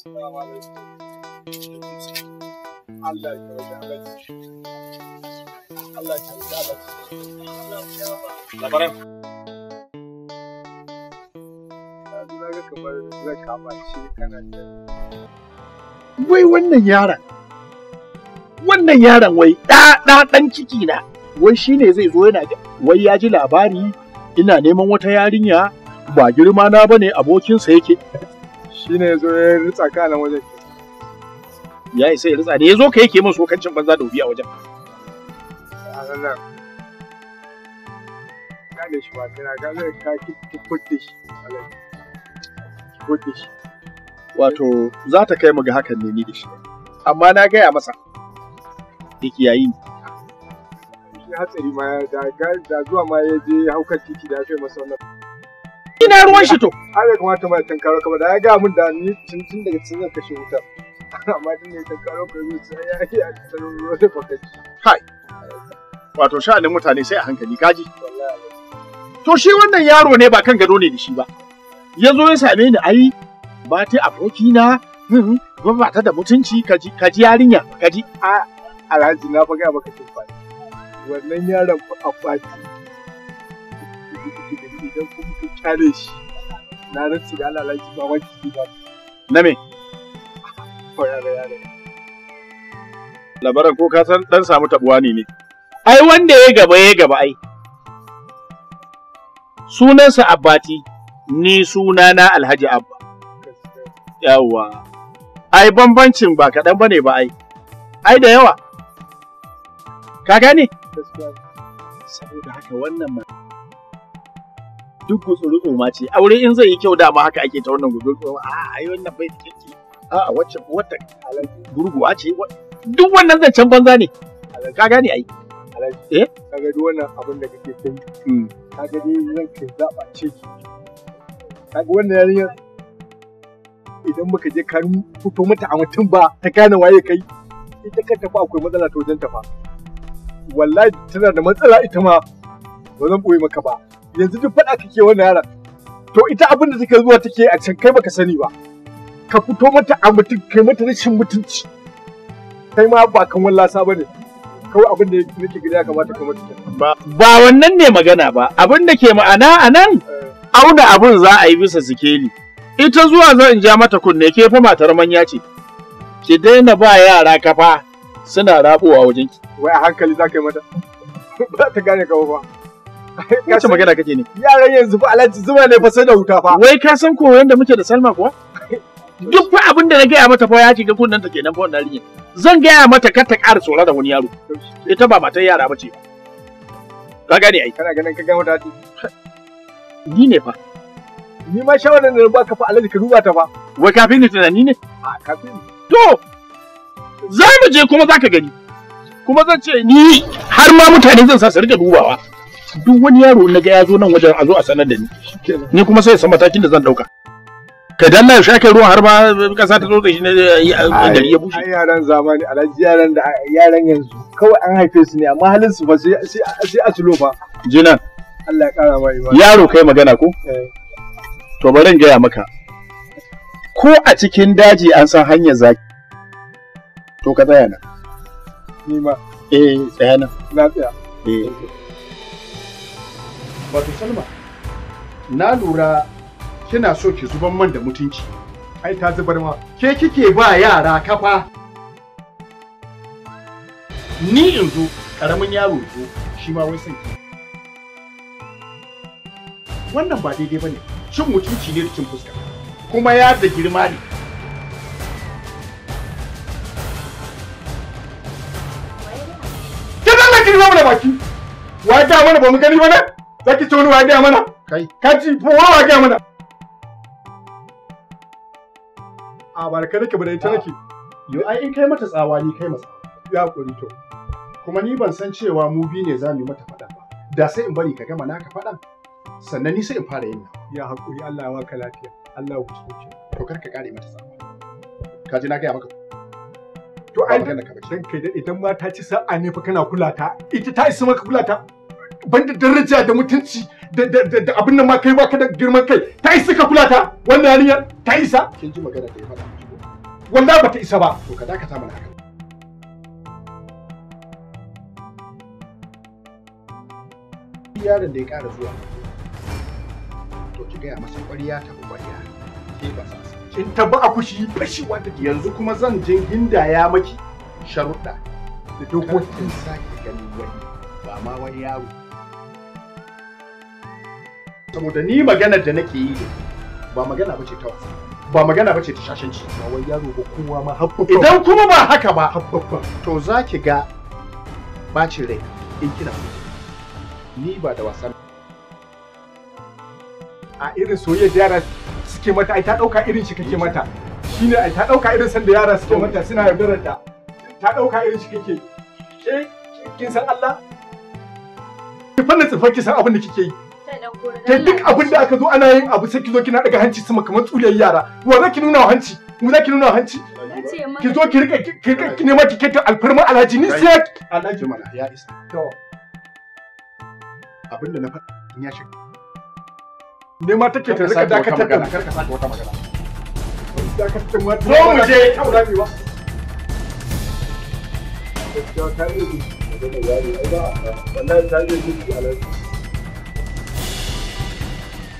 Wai wannan yaron. Wannan yaron wai ɗa ɗa ɗan ciki na. Wai shi ne zai zo yana wai ya ji labari ina neman wata yarinya ba girma na bane abokinsa yake shi ne zo ya ritsa ka nan wajen ya isa ya ritsa da ya zo ka yake min sokancin banza da a wajen wato za ta kai mu ga hakan ne ni da shi amma na gaya masa yake yayi hatsari ma da zuwa ma ya je haukar titi da ya kai masa wannan ina ruwan shi to ai bai kamata mai tankaro ka da ya ga mun da ni tun daga cikin zan kashe wuta. amma din ne tankaro ka zo sai ya yi a cikin ruwan da fakaci kai wato sha'anin mutane sai a hankali kaji to shi wannan yaro ne ba kan gado ne da shi ba ya zo ya same ni ai ba ta aboki na ba mhm, ba ta da mutunci kaji kaji yarinya kaji a alhaji na fa ga maka tumfa wannan yaron fa a fati kyale shi na rantsi da Allah laki ba waki ba na me ko ya ga yare labaran ko ka san dan samu tabuwa ne ne ai wanda ya gaba ya gaba ai sunansa abbati ni suna na alhaji abba yawa ai bambancin ba kaɗan ba ne ba ai ai da yawa ka gane saboda haka wannan duk gutsuru ma ce aure in zai yi kyau dama haka ake ta wannan gutsuru a ai wannan bai kike a wacce wata gurguwa ce duk wannan can banza ne ka gane ai eh kaga duk wannan abin da kake kai hmm. kaga dai zan kai zaba ce kaga wannan yarinyar idan muka je kan fito mata a mutum ba ta gane waye kai ita kanta fa akwai matsala ta wajen ta fa wallahi tana da matsala ita ma ba zan boye maka ba yanzu duk faɗa kake wannan yaran to ita abin da take zuwa take a can kai baka sani ba ka fito mata a mutum kai mata rashin mutunci kai ma ba kan wallasa bane kawai abin da nake gida ya kamata ka mutunta ba wannan ne magana ba abin da ke ma'ana a nan eh. auna abin za a yi bisa sikeli ita zuwa zan ja mata kunne ke fa matar manya ce ki daina ba yara kafa suna rabuwa wajenki wai a hankali za ka yi mata ba ta gane ka ba ce magana kake ne? Yaran yanzu fa Alhaji zuma ne fa sai da wuta fa. Wai ka san koyon da muke da Salma kuwa? Duk fa abin da na gaya mata fa ya ga kunnan ta kenan fa wannan rinya. Zan gaya mata kar ta ƙara tsora da wani yaro. Ita ba matar yara ba ce. Ka gane ai. Kana ganin ka gama ta Ni ne fa. Ni ma shawarar da baka fa Alhaji ka duba ta fa. Wai kafin ni tunani ne? A kafin. To za mu je kuma za ka gani. Kuma zan ce ni har ma mutane zan sa su rika dubawa. duk wani yaro na ga ya zo nan wajen a zo a sanar da ni ni kuma sai san matakin da zan dauka kai dan na shake ruwa har ba kasa ta tsotse shi ne gari ya bushe ai yaran zamani alaji yaran da yaran yanzu kawai an haife su ne amma halin su ba sai sai a tulo ba jinan Allah ya kara mai yaro kai magana ko eh. to bari in gaya maka ko a cikin daji an san hanyar zaki to ka tsaya nan ni ma eh tsaya nan na tsaya eh wato salma na lura kina so ki zuban man da mutunci ai ta zubar ma ke kike ba yara kafa ni in zo karamin yaro zo shi ma wai son ki wannan ba daidai bane cin mutunci ne da fuska kuma ya da girma ne ki zama da baki wa ta mana ba mu gani ba ne Kaki ce wani wage a mana? Kai. Kaci ko wani wa gaya mana? A ba da kai nake ba da ita nake. Yo ai in kai mata tsawa ni kai masa. Ya kuri to. Kuma ni ban san cewa mu biyu ne za mu yi mata faɗa ba. Da sai in bari ka gama naka faɗan. Sannan ni sai in fara yin Ya haƙuri Allah ya baka lafiya. Allah ya wuce wuce. To kar ka kare mata tsawa. Ka ji na gaya maka. To ai dan kai daɗe idan ma ta ci sa'a ne fa kana kula ta. Ita ta isa maka kula ta. banda daraja da mutunci da abin nan ma kai baka da girman kai ta isa ka kula ta wannan yarinya, ta isa kin ji magana da ya Wanda wallahi bata isa ba to ka dakata mana haka yaron da ya ƙara zuwa to ki gaya masa ƙwarya ta ƙwarya ke ba sa in tabba a kushi fashewa da yanzu kuma zan je ya maki sharuɗa da dokokin sake ganin wani ba ma wani yaro saboda ni maganar da nake yi ba magana bace ta wasa ba magana bace ta shashanci ba wai yaro ba kowa ma habbabba idan kuma ba haka ba habbabba to zaki ga bacin rai in kina ni ba da wasa a irin soyayya yara suke mata ai ta dauka irin shi kake mata shine ai ta dauka irin san da yara suke mata suna yaudarar ta ta dauka irin shi kake ke kin san Allah ki fanna tsifa ki san abin da kike yi da duk abin da aka zo ana yin abu sai ki zo kina daga hanci sama kamar tsuliyar yara wa za ki nuna hanci mu za ki nuna hanci ki zo ki rika ki rika ki nema ki kai alfarma alhaji ni sai alhaji mana ya isa to abin da na faɗa in ya shiga nema take ta rika dakatar da ka wata magana zo mu je ta ba ta yi da yari wannan yi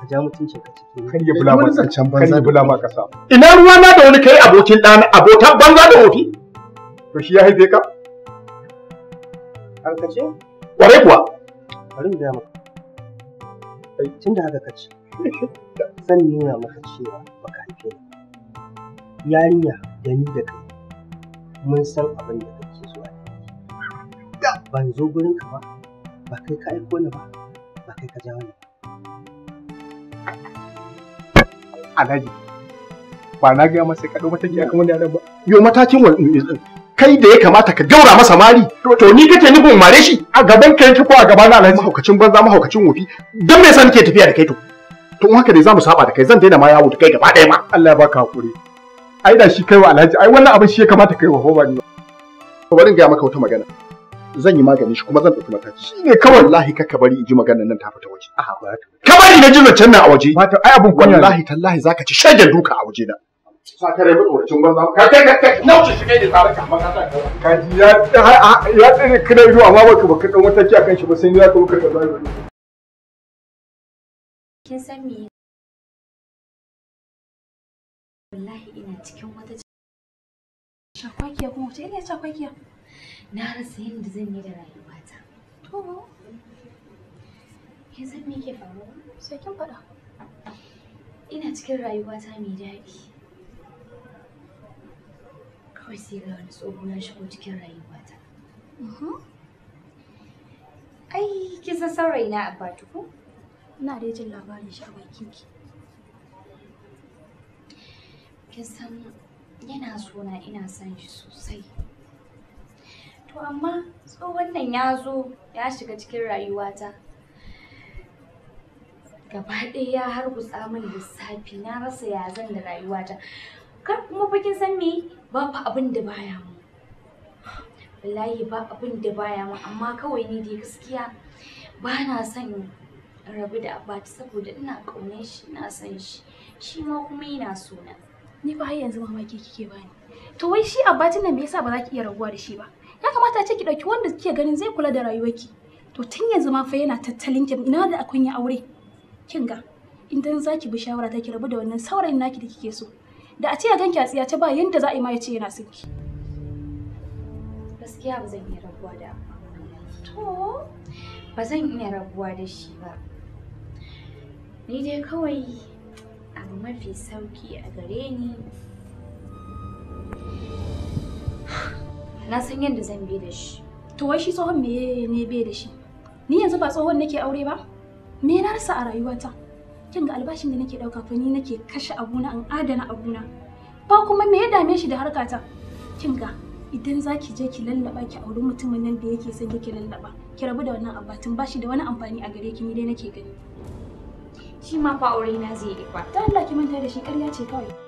ka ja mutuncin ka cikin kar ya bulama zancen banza kar ya bulama kasa ina ruwa na da wani kai abokin ɗana abotan banza da hofi to shi ya haife ka an kace kwarai kuwa bari mu ga maka tun da haka kace zan nuna maka cewa baka haife ni yarinya da ni da kai mun san abin da kake so ban zo gurin ka ba ba kai ka aiko ni ba ba kai ka ja wani. Alhaji, ba na gaya masa ka ɗau mataki akan wani yaran ba. Yo matakin wani eh, eh, kai da ya kamata ka gaura masa mari to ni kake nufin mare shi a gaban kai yake ko a gaban Alhaji mahaukacin banza mahaukacin wofi dan me yasa nake tafiya da kai to to in haka dai zamu saba da kai zan daina ma yawo da kai gaba ɗaya ma Allah ya baka hakuri ai da shi kai wa Alhaji ai wannan abin shi ya kamata kai wa Hobani ba bari in gaya maka wata magana zan yi maganin shi kuma zan ɗauki mataki shi ne kawai wallahi ka bari in ji maganar nan ta fita waje ka bari na ji zancen na a waje mata ai abun kunya wallahi tallahi zaka ci shaidar duka a waje na sa ka rabu tsoracin banza ka kai ka kai na wuce shi kai da tsara ka ta sa ka ji ya ya tsare kana ido amma baka baka dan mataki akan shi ba sai ya ka muka ka zai kin san me wallahi ina cikin wata shakwakiya kuma wace ina shakwakiya na rasa yadda zan yi da rayuwata. To, yanzu me ke faruwa? Sai kin faɗa. Ina cikin rayuwata mai daɗi. Kawai sai ga wani tsoho ya shigo cikin rayuwata. Mm-hmm. Ai, kin san saurayi na Abbatu ko? Ina da jin labarin shi a bakin ki. Kin san yana sona ina son shi sosai. To amma tsohon nan ya zo ya shiga cikin rayuwata. Gaba ɗaya ya hargutsa min lissafi na rasa ya zan da rayuwata. Kar kuma bakin san me ba fa abin da baya mu. Wallahi ba abin da baya mu amma kawai ni dai gaskiya ba na son rabu da abati saboda ina ƙaunar shi na son shi shi ma kuma yana so na. Ni fa har yanzu mamaki kike bani. To wai shi abatin nan me yasa ba za ki iya rabuwa da shi ba? ya kamata ce ki ɗauki wanda kike ganin zai kula da rayuwarki to tun yanzu ma fa yana tattalin ki ina da akwai ya aure kin ga idan za ki bi shawara ta ki rabu da wannan saurayin naki da kike so da a ce ya ganki a tsiya ta ba yanda za a yi ma ya ce yana son gaskiya ba zan iya rabuwa da to ba zan iya rabuwa da shi ba ni dai kawai abu mafi sauki a gare ni na san yadda zan bi da shi to wai shi tsohon me ne bai da shi ni yanzu ba tsohon nake aure ba me na rasa a rayuwata kin ga albashin da nake dauka fa ni nake kashe abuna an adana abuna ba kuma me ya dame shi da harkata kin ga idan zaki je ki lallaba ki auri mutumin nan da yake son ki lallaba ki rabu da wannan abatin ba shi da wani amfani a gare ki ni dai nake gani shi ma fa aure na zai yi fa ta Allah ki manta da shi ƙarya ce kawai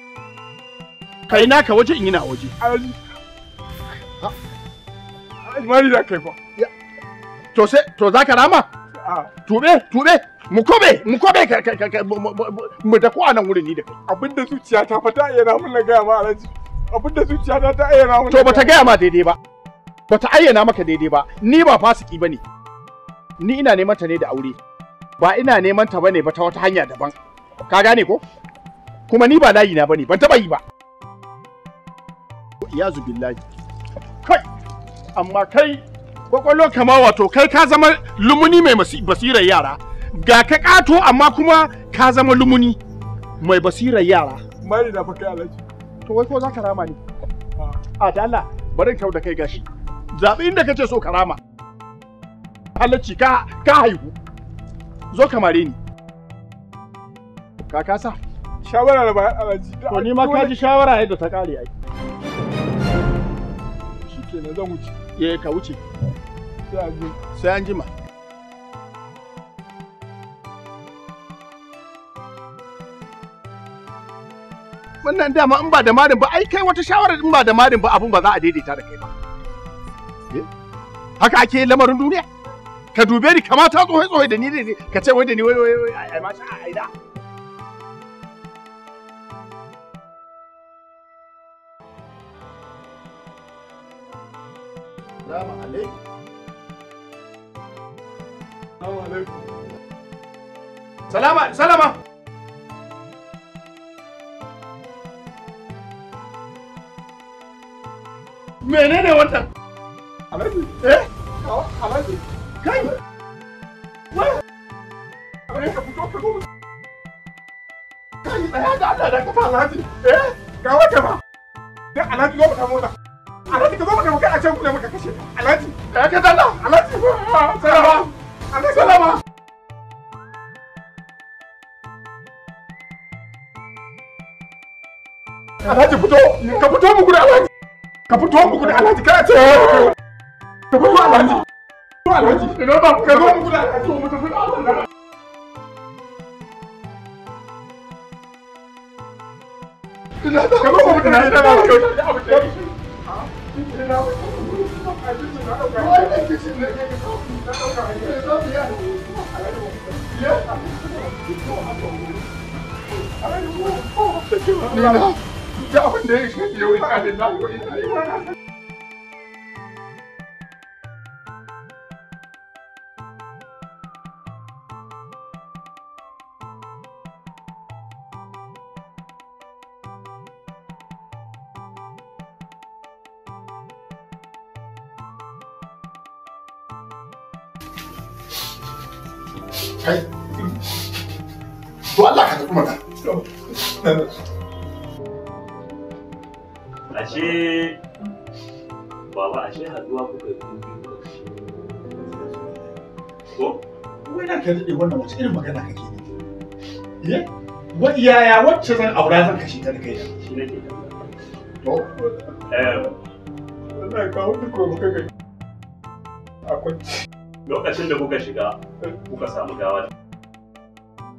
kai naka waje in yi na waje mari za kai fa to sai to za ka rama tube tube mu kobe mu kobe mu da ko anan wurin ni da kai abinda zuciya ta fata yana mun na gaya ma alhaji abinda zuciya ta ta ayyana mun to bata gaya ma daidai ba bata ayyana maka daidai ba ni ba fasiki bane ni ina neman ta ne da aure ba ina neman ta bane ba ta wata hanya daban ka gane ko kuma ni ba layi na bane ban taba yi ba iyazu billahi kai amma kai kwakwallo kama wato kai ka zama lumuni mai basirar yara ga ka kato amma kuma ka zama lumuni mai basirar yara mari da fa kai alaji to wai ko za ka rama ne ah. a da Allah bari kau da kai gashi zabi inda ka ce so ka rama halacci ka ka haihu zo ka mare ni ka kasa shawara da ba alaji to ni ma ka ji shawara yadda ta kare ai kenan zan wuce eh ka wuce sai an jima wannan dama in ba da marin ba ai kai wata shawara in ba da marin ba abun ba za a daidaita da kai ba haka ake lamarin duniya ka dube ni kamata tsohai tsohai da ni da ni ka ce wai da ni wai wai ai ma sha ai da Assalamu alaikum. Salama, salama. Menene wannan? Alhaji. Eh? Alhaji. Kai. Wa? Alhaji ka fito ka zo. Kai ya da Allah da fara Alhaji. Eh? Ga wata ba. Dan Alhaji zo ta mota. alhaji ka zo maka kai a can kula maka kashe alhaji ya ka dalla alhaji salama alhaji salama alhaji fito ka fito mu gudu alhaji ka fito mu gudu alhaji kana ce ka fito alhaji alhaji ka zo mu gudu alhaji mu tafi ka zo mu Nina, you and I did not go in. ranka daɗe wannan irin magana kake ne eh? wa yaya wacce zan aura zan kashe ta da kai shi to eh ka hudu ko kai akwai lokacin da kuka shiga kuka samu gawa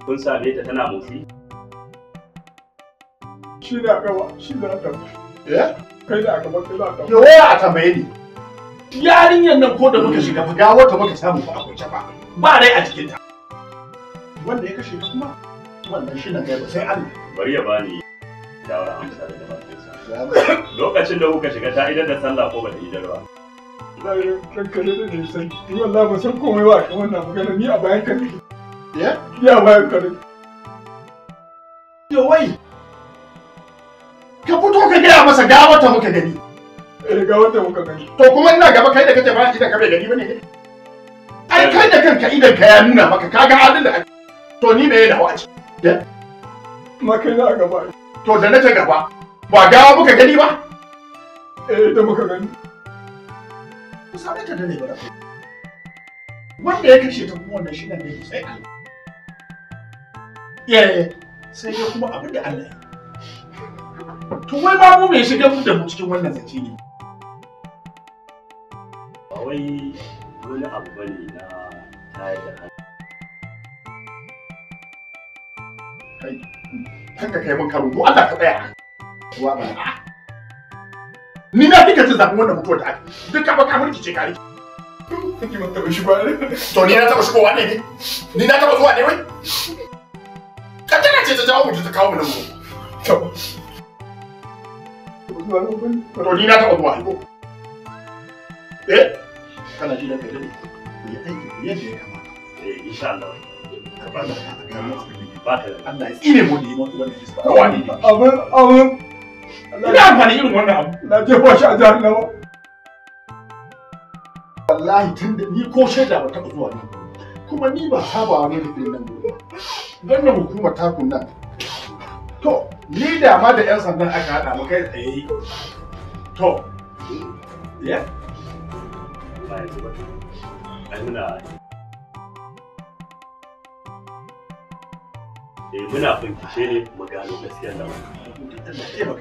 kun same ta tana motsi shi da shi da eh? kai da kai da a tambaye ni yarinyar nan ko da muka shiga fa gawa ta muka samu fa akwai ta ba ba rai a jikinta wanda ya kashe ta kuma wannan shi na kai ba sai Allah bari ya bani shawara amsa da gabatinsa lokacin da kuka shiga ta idan da sallah ko ba idarwa. idar ba kankare da nisan ni wallahi ba san komai ba kan wannan magana ni a bayan ka ya ya bayan ka yo wai ka fito ka gaya masa ta muka gani eh gawata muka gani to kuma ina gaba kai da kake ba idan ka bai gani bane ne ai kai da kanka idan ka ya nuna maka kaga adin da to ni me da wace maka na gaba to da na ta gaba ba gawa muka gani ba eh da muka gani sabe ta dare ba wanda ya kashe ta kuma wannan shine ne sai Allah eh sai ya kuma abin da Allah ya to wai ba mu me shiga da mu cikin wannan zance ne ba wai wani abu bane na tayar da hankali kan ka kai karo ko Allah ka tsaya wa ba ni na kika ce zaɓin wannan mutuwar da aka duk ka baka murkice kare Ni ban taɓa shigowa ne. To ni na taɓa shigowa ne ne? Ni na taɓa zuwa ne wai? Ka tana ce ta jawo mutu ta kawo mu nan mu. To ni na taɓa zuwa. Eh? kana ji da kai dai ya aiki ku yadda ya kamata eh insha Allah Allah ya tsine mu da yi mutu wanda ba wani ba abin abin ina amfani irin wannan abu na je ba shi a jihar wallahi tun ni ko shaida ba taɓa zuwa nan kuma ni ba saba ne da irin nan wannan hukumar ta nan to ni da ma da 'yan sandan aka haɗa mu kai tsaye to yeah ba yanzu ba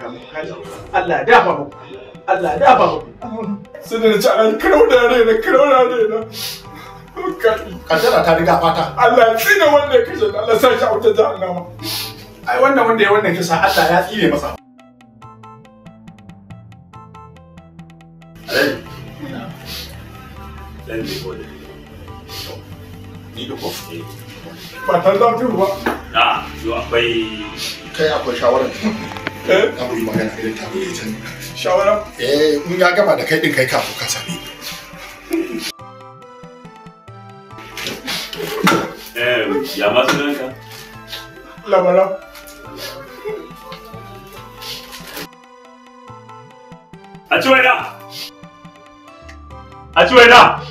mu Allah ya dafa mu Allah ya sun da ci an krauna ne na krauna ne na kaddara ta riga fata Allah ya tsine wanda ya kashe Allah sai ya a jahannama ai wannan wanda ya wannan kisa Allah ya tsine masa matan zafi ba a yo akwai kai akwai shawara eh abu yi magana idan ta bude can shawara eh mun ya gama da kai din kai kafin ka sami eh ya ma sunanka labara a ci waina a ci waina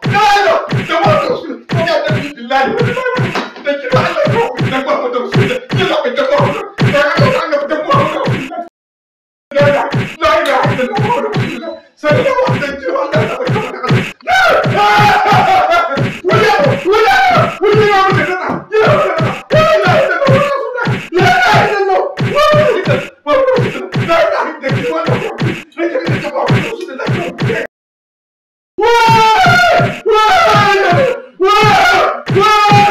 لله تجري على فوق دمها مدوسة يلعب الدمار يعود عنا بدمار لا لا لا إله إلا الله ورحمة الله سنة واحدة تجري على Yeah! Uau! Uau!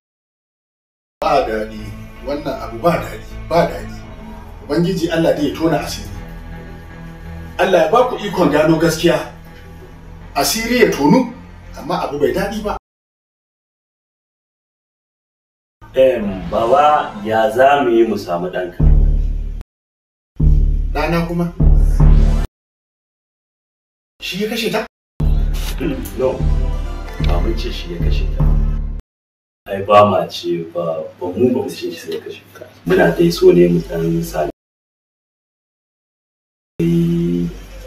ba daɗi wannan abu ba daɗi ba daɗi ubangiji Allah dai ya tona asiri Allah ya ba ku ikon gano gaskiya asiri ya tonu amma abu bai daɗi ba Em, baba ya za mu yi mu samu ɗanka. Ɗana kuma? Shi ya kashe ta? No, ba mun ce shi ya kashe ta. ai ba ma ce ba ba mu ba mu shi sai ka ka muna dai so ne mu dan sami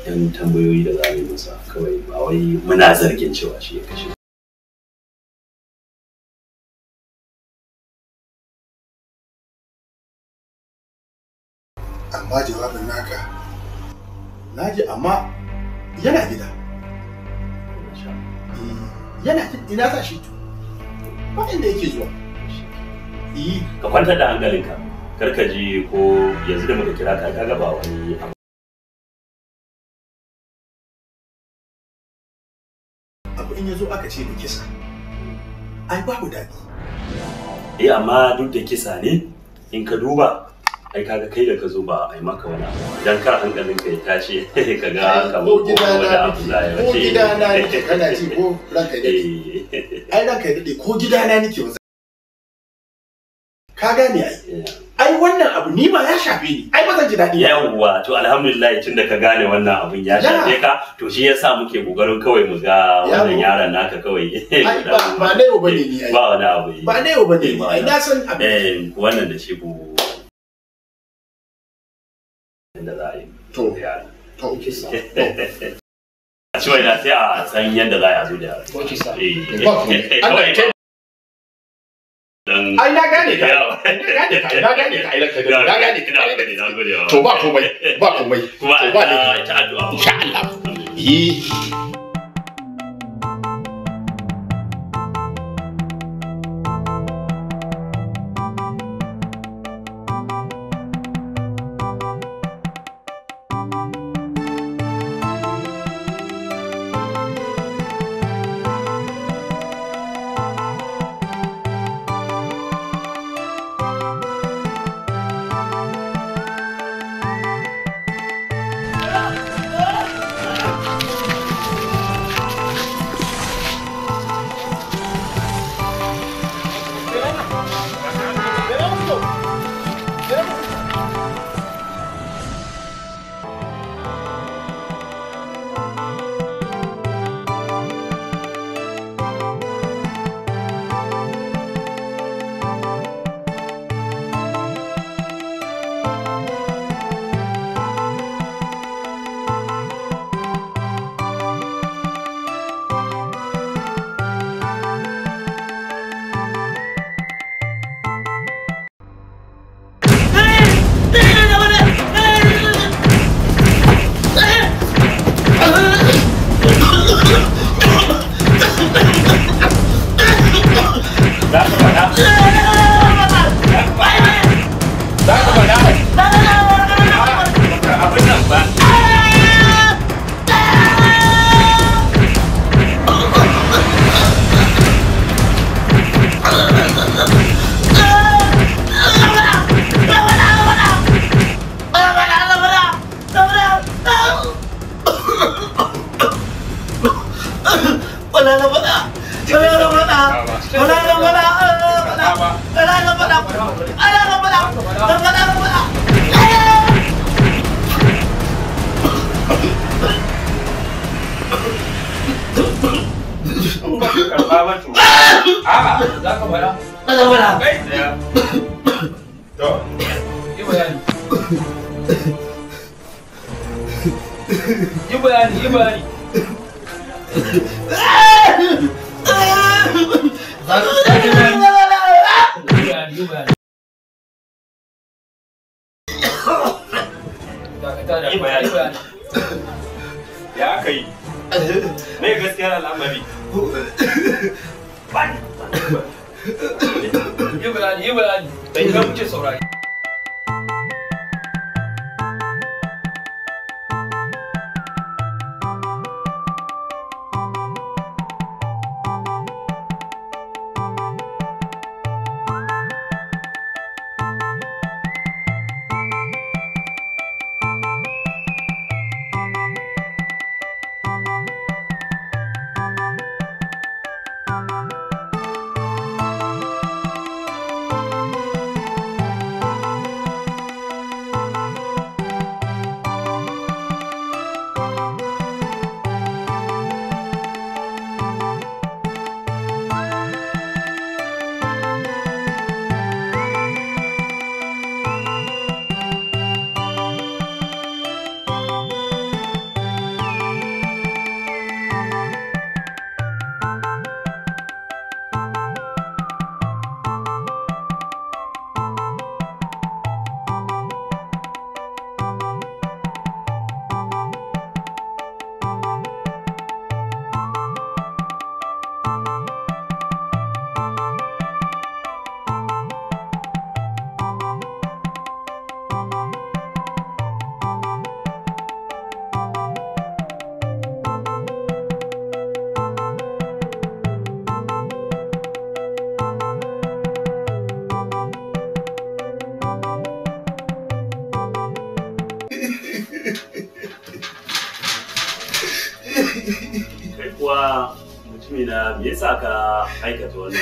yan tambayoyi da za mu yi masa kawai ba wai muna zargin cewa shi ya kashe amma jawabin naka na ji amma yana gida yana eh, ina sa shi tu ba yake zuwa yi ka kwantar da hankalinka kar ka ji ko yanzu da muka kira ka ka ba wani abu abu in yazo aka ce da kisa ai babu daɗi eh amma duk da kisa ne in ka duba ai kaga kai da ka zo ba a yi maka wani abu dan kar hankalin ka ya tashi ka ga ka ko wani abu da ya wace ko gida na nake kana ci ko ranka ne eh. ai ranka dade ko gida na nake wasa ka gane ai ai wannan abu ni ma ya shafe ni ai ba zan ji daɗi yawwa to alhamdulillah tunda ka gane wannan abun ya shafe ka to shi yasa muke kokarin kawai mu ga wannan yaron naka kawai ba ba ne ba ne ni ai ba wani abu ba ne ba ne ni ai na san abin eh, wannan da shi ko to to ciwon lafiya a san yadda za a zo da eh. ai na gane ka na gane ka na gane na gane ka to ba komai ba komai to ba ne ta addu'a insha Allah muke saurari 太个多了。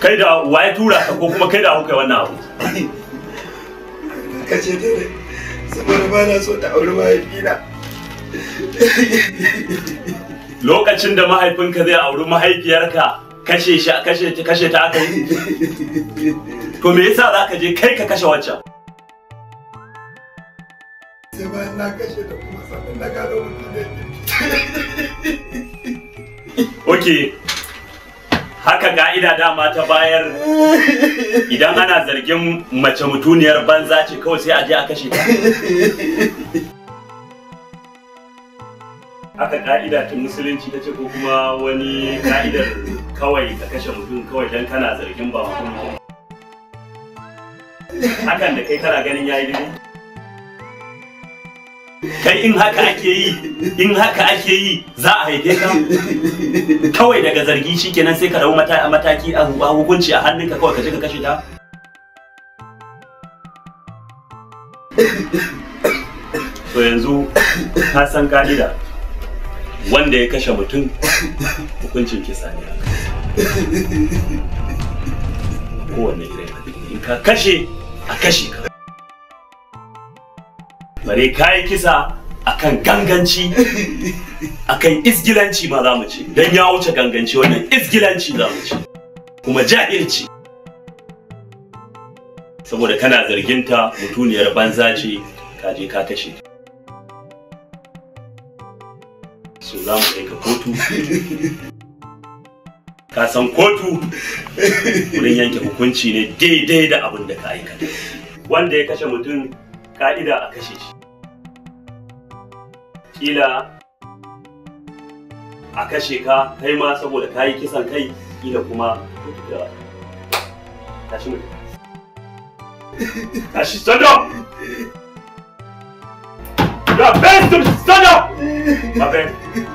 kai da waye tura ka ko kuma kai da kuka wannan abu ka ce dai saboda ba na so ta auri mahaifina lokacin da mahaifinka zai auri mahaifiyarka kashe shi kashe ta kashe ta aka yi to me yasa za ka je kai ka kashe waccan sai ba na kashe da kuma sanin na gano wani ne Ok, haka ga'ida dama ta bayar idan ana zargin mace mutuniyar banza ce kawai sai a je a kashe ta haka ka'ida ta musulunci ta ce ko kuma wani ka'idar kawai ka kashe mutum kawai don kana zargin ba mutum hakan da kai kana ganin yayi daidai kai in haka ake yi in haka ake yi za a haife ka kawai daga zargi shikenan sai ka a mataki a hukunci a hannunka kawai ka je ka kashe ta to yanzu ka san ka'ida wanda ya kashe mutum hukuncin kisa ne kowanne irin in ka kashe a kashe ka bare kayi kisa akan ganganci akan isgilanci ba za mu ce don ya wuce ganganci wannan isgilanci za mu ce kuma jahilci saboda kana zargin ta mutuniyar banza ce ka je ka kashe so za mu kai ka kotu ka san kotu wurin yanke hukunci ne daidai da abin da ka aikata wanda ya kashe mutum ka'ida a kashe shi kila a kashe ka kai ma saboda ka yi kisan kai ƙila kuma tashi mutum tashi stand up you are best to stand my